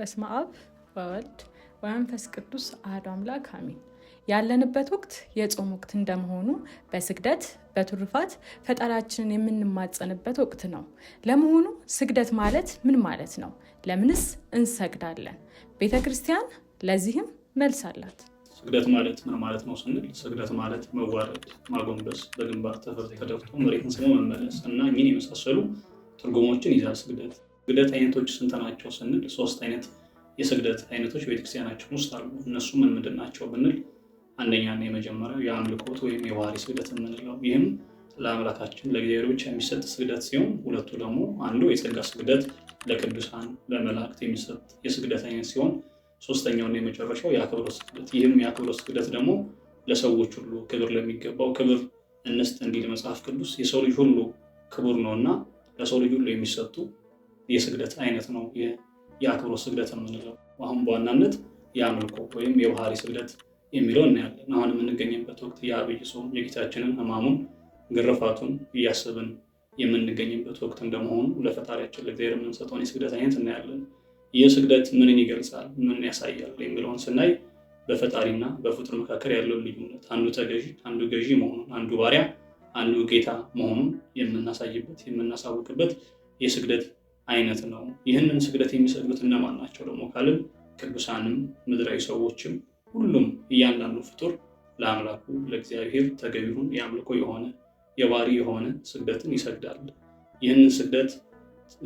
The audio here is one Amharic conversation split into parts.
በስመ አብ ወወልድ ወመንፈስ ቅዱስ አሐዱ አምላክ አሜን። ያለንበት ወቅት የጾም ወቅት እንደመሆኑ በስግደት በትሩፋት ፈጣሪያችንን የምንማጸንበት ወቅት ነው። ለመሆኑ ስግደት ማለት ምን ማለት ነው? ለምንስ እንሰግዳለን? ቤተ ክርስቲያን ለዚህም መልስ አላት። ስግደት ማለት ምን ማለት ነው ስንል ስግደት ማለት መዋረድ፣ ማጎንበስ፣ በግንባር ተደፍቶ መሬትን ስሞ መመለስ እና እኚህን የመሳሰሉ ትርጉሞችን ይዛል ስግደት ስግደት አይነቶች ስንት ናቸው ስንል ሶስት አይነት የስግደት አይነቶች ቤተክርስቲያናችን ውስጥ አሉ። እነሱ ምን ምንድን ናቸው ብንል አንደኛና የመጀመሪያው የአምልኮት ወይም የባህሪ ስግደት የምንለው ይህም ለአምላካችን ለእግዚአብሔር ብቻ የሚሰጥ ስግደት ሲሆን፣ ሁለቱ ደግሞ አንዱ የጸጋ ስግደት ለቅዱሳን ለመላእክት የሚሰጥ የስግደት አይነት ሲሆን ሶስተኛውና የመጨረሻው የአክብሮት ስግደት ይህም የአክብሮት ስግደት ደግሞ ለሰዎች ሁሉ ክብር ለሚገባው ክብር እንስጥ እንዲል መጽሐፍ ቅዱስ የሰው ልጅ ሁሉ ክቡር እና ለሰው ልጅ ሁሉ የሚሰጡ የስግደት አይነት ነው የአክብሮት ስግደት የምንለው። አሁን በዋናነት የአምልኮ ወይም የባህሪ ስግደት የሚለው እናያለን። አሁን የምንገኝበት ወቅት የአብይ ጾም የጌታችንን ሕማሙን ግርፋቱን እያሰብን የምንገኝበት ወቅት እንደመሆኑ ለፈጣሪያችን ለእግዚአብሔር የምንሰጠውን የስግደት አይነት እናያለን። ይህ ስግደት ምንን ይገልጻል፣ ምን ያሳያል የሚለውን ስናይ በፈጣሪና በፍጡር መካከል ያለውን ልዩነት አንዱ ተገዢ አንዱ ገዢ መሆኑን አንዱ ባሪያ አንዱ ጌታ መሆኑን የምናሳይበት የምናሳውቅበት የስግደት አይነት ነው። ይህንን ስግደት የሚሰግዱት እነማን ናቸው ደግሞ ካልን ቅዱሳንም ምድራዊ ሰዎችም ሁሉም እያንዳንዱ ፍጡር ለአምላኩ ለእግዚአብሔር ተገቢውን የአምልኮ የሆነ የባሪ የሆነ ስግደትን ይሰግዳል። ይህንን ስግደት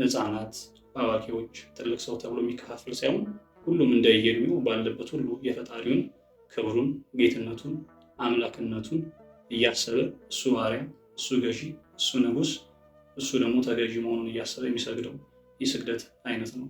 ህፃናት አዋቂዎች፣ ትልቅ ሰው ተብሎ የሚከፋፍል ሳይሆን ሁሉም እንደየእድሜው ባለበት ሁሉ የፈጣሪውን ክብሩን፣ ጌትነቱን፣ አምላክነቱን እያሰበ እሱ ባሪያ፣ እሱ ገዢ፣ እሱ ንጉስ እሱ ደግሞ ተገዢ መሆኑን እያሰበ የሚሰግደው የስግደት አይነት ነው።